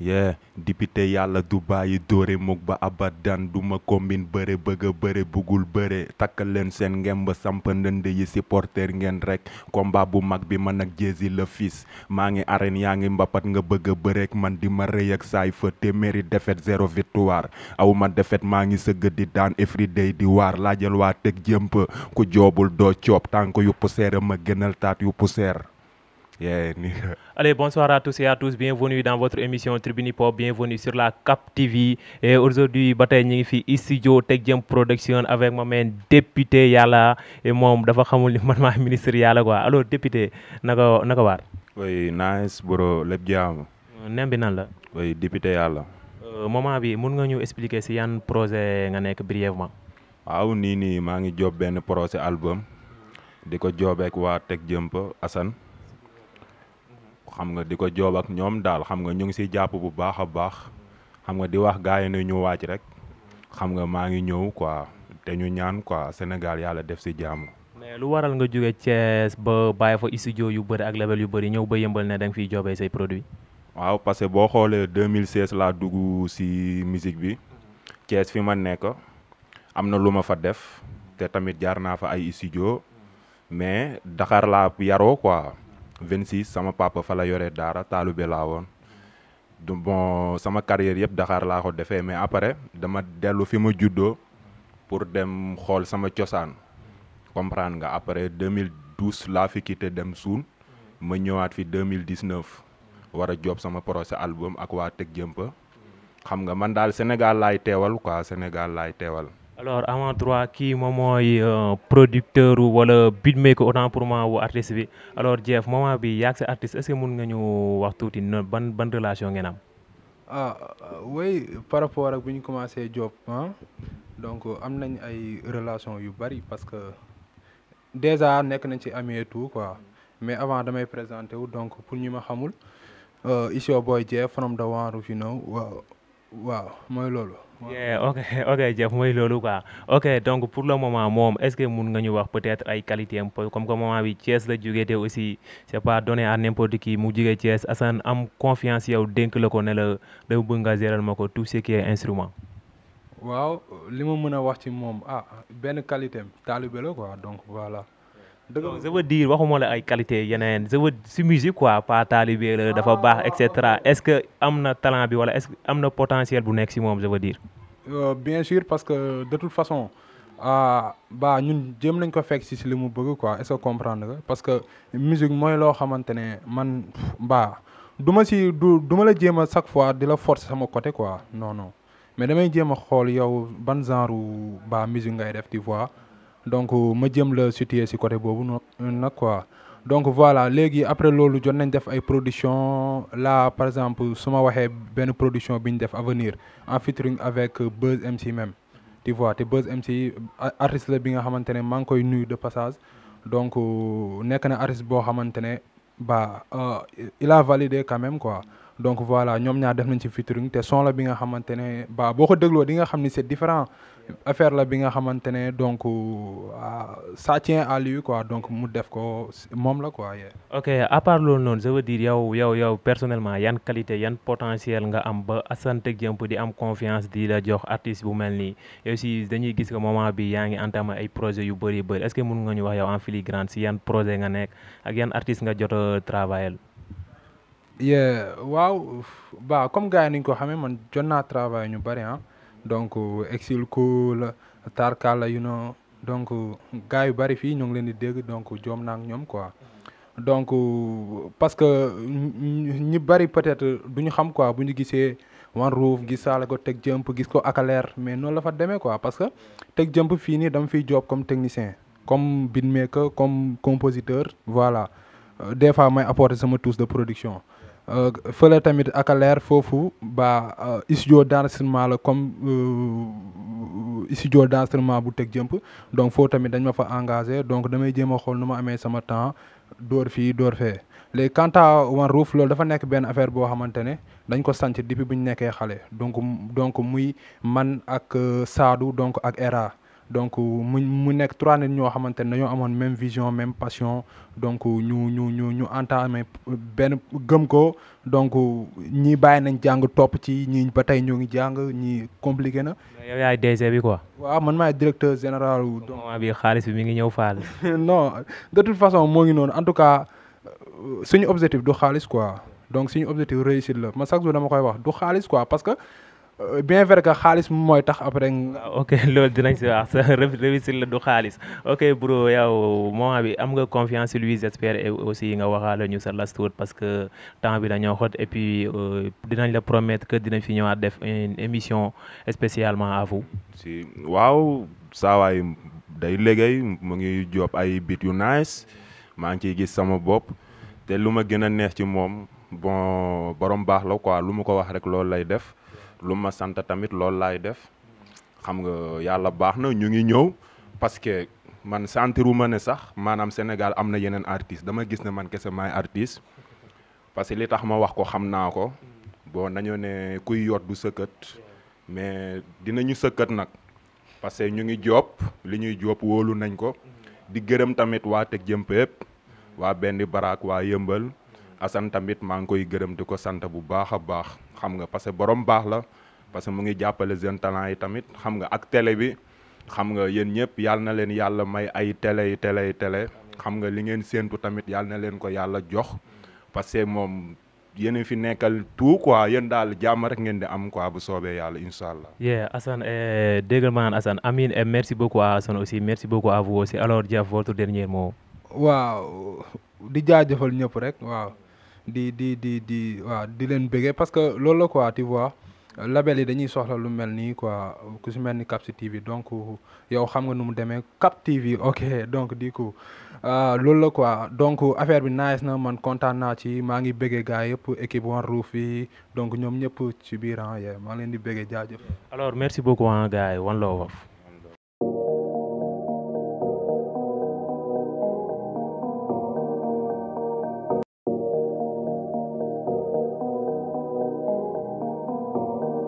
yee dipite yàlla du bàyyi dóore mukk ba abadan du ma combine bëre bëgg bëggul bëre bugul takkal leen seen ngemba ba samp ndënd yi supporter ngeen rek combat bu mag bi man ak Diézy la fis maa ngi arène yaa ngi mbapat nga bëgg a bëreek man di ma rëy ak saay fa téeméeri défaite zéro victoire aw ma défaite maa ngi sëgg di daan everyday di waar laajal waa teg jëmp ku joobul doo coob tànk yu puseer a ma gënal taat yu puseer Yeah, Allez, bonsoir à tous et à tous. Bienvenue dans votre émission Tribune Pop. Bienvenue sur la Cap TV. Et aujourd'hui, bataille ñi fi studio Tech Jam Production avec ma main député Yalla et moom dafa xamul ni ministre Yala. quoi. Alors député comment vas waar. Oui, nice bro. le bien. Nem Oui, député Yala. Euh, Maman, bi mun nga ñu expliquer si yan projet nga nek brièvement. waaw ni ni ma ngi job ben projet album. diko ko joobeek waa Tech Jam Assane. xam nga di ko joob ak ñoom daal xam nga ñu ngi siy jàpp bu baax a baax xam nga di wax gars yi ne ñu wàcc rek xam nga maa ngi ñëw quoi te ñu ñaan quoi Sénégal yàlla def si jàmm. mais lu waral nga jóge Thiès ba bàyyi fa studio yu bëri ak label yu bëri ñëw ba yëmbal ne da nga fiy joobee say produit waaw parce que boo xoolee 2016 laa dugg si musique bi Thiès fi ma nekk am na lu ma fa def te tamit jaar naa fa ay studio mais Dakar laa yaroo quoi. 26 sama papa fa la yore daara be laa woon du bon sama carrière yëpp daxaar laa ko defee mais après dama dellu fi ma juddoo pour dem xool sama cosaan comprendre nga après 2012 laa fi quitté dem suun ma ñëwaat fi 2019 war a job sama projet album ak waa Teg Jëmpa xam nga man daal Sénégal laay teewal quoi Sénégal laay teewal. alors avant droit qui moom mooy euh, producteur wala beatmaker autant pour moi ou artiste alors Jeff moment bi yaag sa artiste est-ce que mun nga ñu wax tuuti ban ban relation ngeen ah euh, oui par rapport ak bi ñu commencé job hein. donc euh, am ay relation yu bari parce que déjà nekk nañ ci et tout quoi mais avant damay présenter donc pour nous ma xamul it's boy Jeff from the One you know waaw waaw mooy loolu. ok ok Jeff mooy loolu quoi ok donc pour le moment moom est-ce que mun nga ñu wax peut-être ay qualité am comme que moment bi Thiès la jógee te aussi c'est pas donné à n'importe qui mu jógee Thiès Assane am confiance yow dénk la ko ne la dama bëgg nga gérer ma ko tout ce qui est instrument. waaw li ma mën a wax ci moom ah benn qualité am taalibe la quoi donc voilà je veux dire je la qualité je veux musique quoi pas talibé la ah. dafa etc. est ce que am talent bi est ce que am potentiel bu je veux dire. Euh, bien sûr parce que de toute façon nous ah, ñun nañ si quoi est ce que comprendre parce que musique moi man du si la chaque fois de la forcer sama côté quoi non non mais damay jéem a yow ban genre musique donc euh, ma jëm la situer ci côté bobu nak quoi donc voilà légui après loolu jot nañ def ay production là par exemple suma waxé ben production biñ def avenir en featuring avec euh, Buzz MC même tu vois té Buzz MC euh, artiste la bi nga xamante mang koy nuyu de passage donc nek na artiste bo xamante ba euh, il a validé quand même quoi donc voilà ñom ñaar def nañ ci featuring té son la bi nga xamante ne ba boko ko di nga xamni c'est différent affaire la bi nga xamante donc euh, ça tient à lui quoi donc mu def ko mom la quoi. ok à part loolu non je veux dire yow yow yow personnellement yan qualité yan potentiel nga am ba asante Seck Diemp di am confiance di la jox artiste bu melni aussi, yow si dañuy gis que moment bi yaa ngi entamé ay projet yu bëri bëri est-ce que mën nga ñu wax yow en filigrane si yan projet nga nek ak yan artiste nga jot travailler waaw ba comme gars yi niñ ko xamee man jot naa travail ñu ah. donc Exil cool, Tarkala you know donc gars yu bëri fii ñu ngi leen di dégg donc joom naa ak ñoom quoi donc parce que ñi bari peut-être du xam quoi buñu gissé One Roof gis saala ko teg jëmp gis ko akaler mais non la fa démé quoi parce que tek jump fini, nii dama fiy job comme technicien comme beatmaker comme compositeur voilà euh, des fois may apporter sama tous de production Euh, fële tamit ak leer foofu ba euh, studio d'enregistrement la comme euh, studio d'enregistrement bu teg jëmp donc foofu tamit dañ ma fa engagé donc damay jéem a xool nu ma amee sama temps door fii door fee léegi quant à One Roof dafa nekk benn affaire boo xamante ne dañ ko sanc depuis bu ñu nekkee xale donc donc muy man ak Sadou donc ak Era donc euh, mu nek 3 nit ñoo xamantene dañu amone même vision même passion donc euh, ñu ñu ñu ñu entamé benn gëm ko donc euh, ñi bàyyi nañ jàng topp ci ñi ba tey ñoo ngi jang ñi compliqué na. yow yaay DG bi quoi. waaw man maay directeur général. donc bi xaalis bi mi ngi ñew faal. non de toute façon mo ngi non en tout cas suñu objectif du xaalis quoi donc suñu objectif réussite la ma sax jour dama koy wax du xaalis quoi parce que. Euh, bien vrai que xaalis mooy tax après. Ah, ok loolu dinañ si wax sa réussite la du xaalis ok bro yow moment bi am nga confiance si lui j'espère et aussi nga waxaale ñu sa last word parce que temps bi dañoo xot et puis euh, dinañ la promettre que dinañ fi ñëwaat def une émission spécialement à vous. si waaw saawaay day liggéey mu ngi job ay bit yu nice maa ngi ciy gis sama bopp te lu ma gën a neex ci moom bon borom baax la quoi lu ma ko wax rek loolu lay def. lu ma sant tamit loolu laay def xam nga yàlla baax na ñu ngi ñëw parce que man sentiru ma ne sax maanaam Sénégal am na yeneen artiste dama gis ne man kese maay artiste parce que li tax ma wax ko xam naa ko bo nañoo ne kuy yoot du sëkkat mais dinañu sëkkat nag parce que ñu ngi joob li ñuy joob wóolu nañ ko di gërëm tamit waa teg jëmp yëpp waa benn baraak waa yëmbal Assane tamit maa ngi koy gërëm diko sante bu baax baax xam nga parce que borom baax la parce que mu ngi jàppale jeune talent yi tamit xam nga ak télé bi xam nga yeen ñepp yalla na leen yalla may ay télé yi télé yi télé xam nga li ngeen sentu tamit yalla na leen ko yalla jox parce que yene fi nekkal tout quoi yeen dal jàmm rek ngeen di am quoi bu soobee yalla inshallah yeah Assane eh nga man Assane amin et eh, merci beaucoup à Assane aussi merci beaucoup à vous aussi alors Diaf votre dernier mot. waaw di jaajëfal ñëpp rek waaw di di di di waaw di leen bëggee parce que loolu la quoi tu vois label yi dañuy soxla lu mel nii quoi ku si mel ni Cap TV donc yow xam nga nu mu demee Cap TV ok donc du coup euh, loolu la quoi donc affaire bi nice na man content naa ci maa ngi bëggee gars yëpp équipe One Roof yi donc ñoom ñëpp ci biir ah maa ngi leen di bëggee jaajëf. alors merci beaucoup ah gars yi One Love